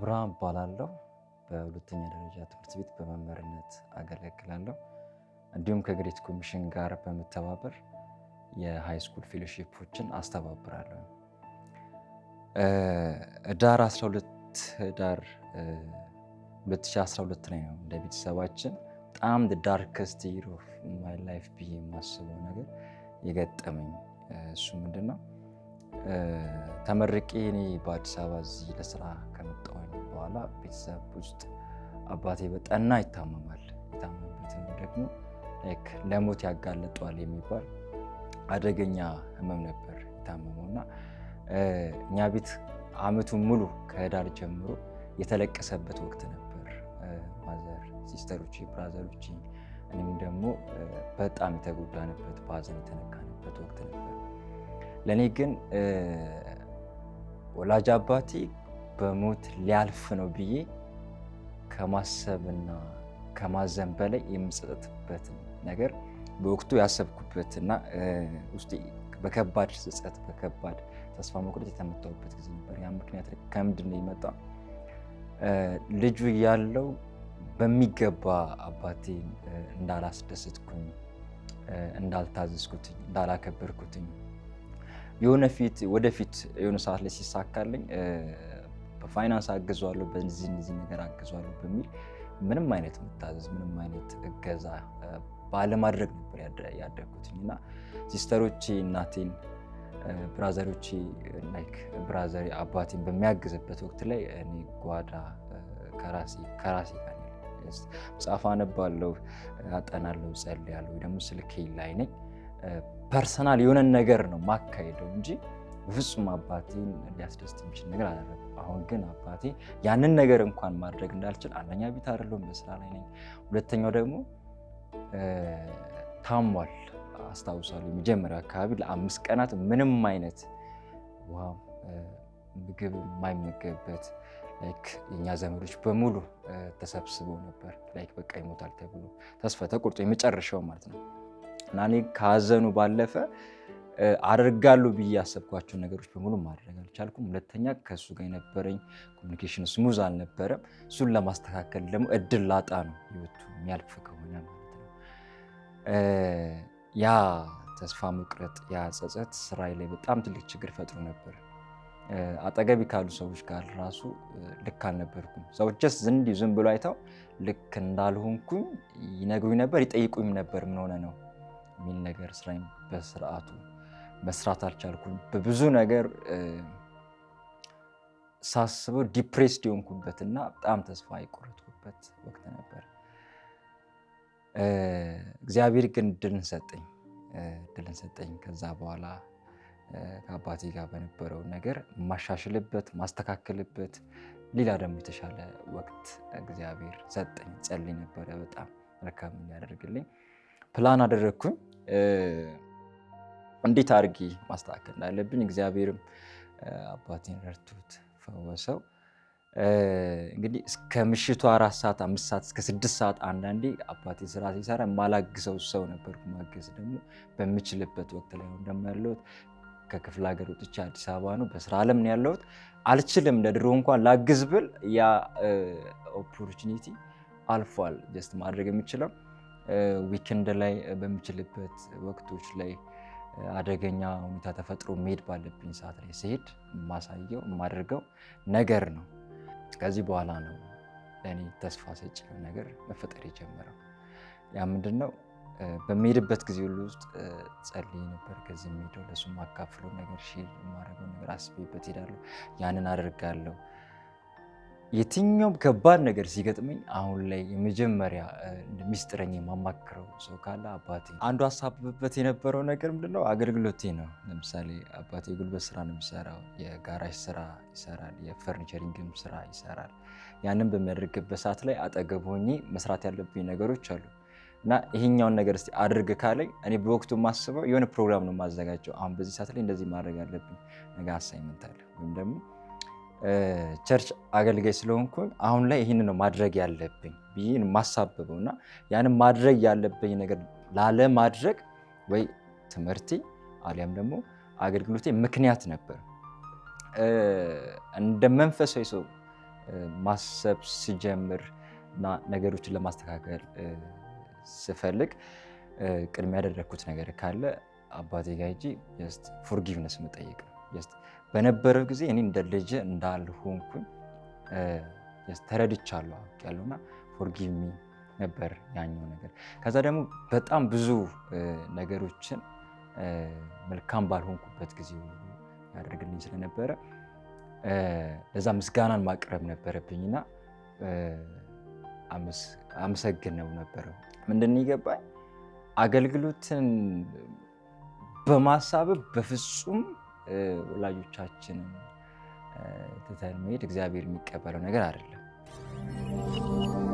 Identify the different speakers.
Speaker 1: አብርሃም እባላለሁ። በሁለተኛ ደረጃ ትምህርት ቤት በመምህርነት አገለግላለሁ። እንዲሁም ከግሬት ኮሚሽን ጋር በመተባበር የሃይስኩል ፌሎሺፖችን አስተባብራለሁ። ህዳር 12 ህዳር 2012 ላይ ነው እንደ ቤተሰባችን በጣም ዳርከስት ኦፍ ማይ ላይፍ ብዬ የማስበው ነገር የገጠመኝ እሱ ምንድን ነው ተመርቄ እኔ በአዲስ አበባ እዚህ ለስራ ከመጣሁኝ በኋላ ቤተሰብ ውስጥ አባቴ በጠና ይታመማል። የታመመበትም ደግሞ ለሞት ያጋለጠዋል የሚባል አደገኛ ህመም ነበር የታመመው እና እኛ ቤት አመቱን ሙሉ ከህዳር ጀምሮ የተለቀሰበት ወቅት ነበር። ማዘር፣ ሲስተሮቼ፣ ብራዘሮቼ እኔም ደግሞ በጣም የተጎዳንበት በሀዘን የተነካንበት ወቅት ነበር። ለእኔ ግን ወላጅ አባቴ በሞት ሊያልፍ ነው ብዬ ከማሰብና ከማዘን በላይ የምጸጸትበት ነገር በወቅቱ ያሰብኩበትና በከባድ ጸጸት በከባድ ተስፋ መቁረጥ የተመታሁበት ጊዜ ነበር። ያ ምክንያት ከምንድን ነው የመጣ? ልጁ ያለው በሚገባ አባቴን እንዳላስደስትኩኝ፣ እንዳልታዘዝኩትኝ፣ እንዳላከበርኩትኝ የሆነ ፊት ወደፊት የሆነ ሰዓት ላይ ሲሳካልኝ በፋይናንስ አግዟለሁ፣ በዚህ እነዚህ ነገር አግዟለሁ በሚል ምንም አይነት መታዘዝ ምንም አይነት እገዛ ባለማድረግ ነበር ያደግኩትኝ እና ሲስተሮቼ እናቴን ብራዘሮቼ ላይክ ብራዘር አባቴን በሚያግዝበት ወቅት ላይ እኔ ጓዳ ከራሴ ከራሴ ጋር መጽሐፍ አነባለሁ፣ አጠናለሁ፣ ጸልያለሁ። ደግሞ ስልኬ ላይ ነኝ ፐርሰናል የሆነን ነገር ነው ማካሄደው እንጂ በፍጹም አባቴን ሊያስደስት የሚችል ነገር አላደረኩም። አሁን ግን አባቴ ያንን ነገር እንኳን ማድረግ እንዳልችል አንደኛ ቤት አይደለሁም፣ በስራ ላይ ነኝ። ሁለተኛው ደግሞ ታሟል። አስታውሳለሁ የመጀመሪያ አካባቢ ለአምስት ቀናት ምንም አይነት ውሃ፣ ምግብ የማይመገብበት ላይክ የእኛ ዘመዶች በሙሉ ተሰብስበው ነበር። ላይክ በቃ ይሞታል ተብሎ ተስፋ ተቆርጦ የመጨረሻው ማለት ነው። እና እኔ ከሀዘኑ ባለፈ አደርጋለሁ ብዬ ያሰብኳቸውን ነገሮች በሙሉ ማድረግ አልቻልኩም። ሁለተኛ ከእሱ ጋር የነበረኝ ኮሚኒኬሽን ስሙዝ አልነበረም። እሱን ለማስተካከል ደግሞ እድል ላጣ ነው ህይወቱ የሚያልፍ ከሆነ ማለት ነው። ያ ተስፋ መቁረጥ፣ ያ ጸጸት ስራዬ ላይ በጣም ትልቅ ችግር ፈጥሮ ነበር። አጠገቢ ካሉ ሰዎች ጋር ራሱ ልክ አልነበርኩም። ሰዎች ጀስት ዝንድ ዝም ብሎ አይተው ልክ እንዳልሆንኩኝ ይነግሩኝ ነበር፣ ይጠይቁኝ ነበር ምን ሆነ ነው የሚል ነገር ስራኝ በስርዓቱ መስራት አልቻልኩም። በብዙ ነገር ሳስበው ዲፕሬስድ የሆንኩበት እና በጣም ተስፋ የቆረጥኩበት ወቅት ነበር። እግዚአብሔር ግን ድልን ሰጠኝ ድልን ሰጠኝ። ከዛ በኋላ ከአባቴ ጋር በነበረው ነገር ማሻሽልበት ማስተካከልበት ሌላ ደግሞ የተሻለ ወቅት እግዚአብሔር ሰጠኝ። ጸልይ ነበረ በጣም መልካም የሚያደርግልኝ ፕላን አደረግኩኝ እንዴት አድርጌ ማስተካከል እንዳለብኝ። እግዚአብሔርም አባቴን ረድቶት ፈወሰው። እንግዲህ እስከ ምሽቱ አራት ሰዓት አምስት ሰዓት እስከ ስድስት ሰዓት አንዳንዴ አባቴ ስራ ሲሰራ የማላግሰው ሰው ነበርኩ። ማገዝ ደግሞ በምችልበት ወቅት ላይ ደሞ ያለሁት ከክፍለ ሀገር ወጥቼ አዲስ አበባ ነው በስራ አለም ነው ያለሁት። አልችልም እንደ ድሮ እንኳን ላግዝ ብል ያ ኦፖርቹኒቲ አልፏል። ጀስት ማድረግ የምችለው ዊክንድ ላይ በምችልበት ወቅቶች ላይ አደገኛ ሁኔታ ተፈጥሮ መሄድ ባለብኝ ሰዓት ላይ ሲሄድ የማሳየው የማደርገው ነገር ነው። ከዚህ በኋላ ነው ለእኔ ተስፋ ሰጭ ነገር መፈጠር የጀመረው። ያ ምንድን ነው? በሚሄድበት ጊዜ ሁሉ ውስጥ ጸልይ ነበር። ከዚህ የሚሄደው ለሱ ማካፍለው ነገር ሺ የማደርገው ነገር አስቤበት ሄዳለሁ። ያንን አደርጋለሁ። የትኛውም ከባድ ነገር ሲገጥመኝ አሁን ላይ የመጀመሪያ ሚስጥረኝ የማማክረው ሰው ካለ አባቴ። አንዱ አሳብበት የነበረው ነገር ምንድነው አገልግሎቴ ነው። ለምሳሌ አባቴ የጉልበት ስራ ነው የሚሰራው፣ የጋራጅ ስራ ይሰራል፣ የፈርኒቸሪንግም ስራ ይሰራል። ያንን በሚያደርግበት ሰዓት ላይ አጠገብ ሆኜ መስራት ያለብኝ ነገሮች አሉ እና ይሄኛውን ነገር እስኪ አድርግ ካለኝ እኔ በወቅቱ የማስበው የሆነ ፕሮግራም ነው የማዘጋጀው። አሁን በዚህ ሰዓት ላይ እንደዚህ ማድረግ ያለብኝ ነገ አሳይመንት አለ ወይም ደግሞ ቸርች አገልጋይ ስለሆንኩኝ አሁን ላይ ይህን ነው ማድረግ ያለብኝ ብዬ ማሳበበው እና ያንን ማድረግ ያለብኝ ነገር ላለማድረግ ወይ ትምህርቴ አሊያም ደግሞ አገልግሎቴ ምክንያት ነበር። እንደ መንፈሳዊ ሰው ማሰብ ስጀምር እና ነገሮችን ለማስተካከል ስፈልግ ቅድሚያ ያደረግኩት ነገር ካለ አባቴ ጋር ሂጄ ፎርጊቭነስ መጠየቅ ነው። በነበረው ጊዜ እኔ እንደ ልጅ እንዳልሆንኩኝ ተረድቻለሁ አውቄያለሁና ፎርጊቭ ሚ ነበር ያኛው ነገር። ከዛ ደግሞ በጣም ብዙ ነገሮችን መልካም ባልሆንኩበት ጊዜ ያደርግልኝ ስለነበረ ለዛ ምስጋናን ማቅረብ ነበረብኝና አመሰግነው ነበረ። ምንድን ይገባኝ አገልግሎትን በማሳበብ በፍጹም ወላጆቻችንን ትተን መሄድ እግዚአብሔር የሚቀበለው ነገር አይደለም።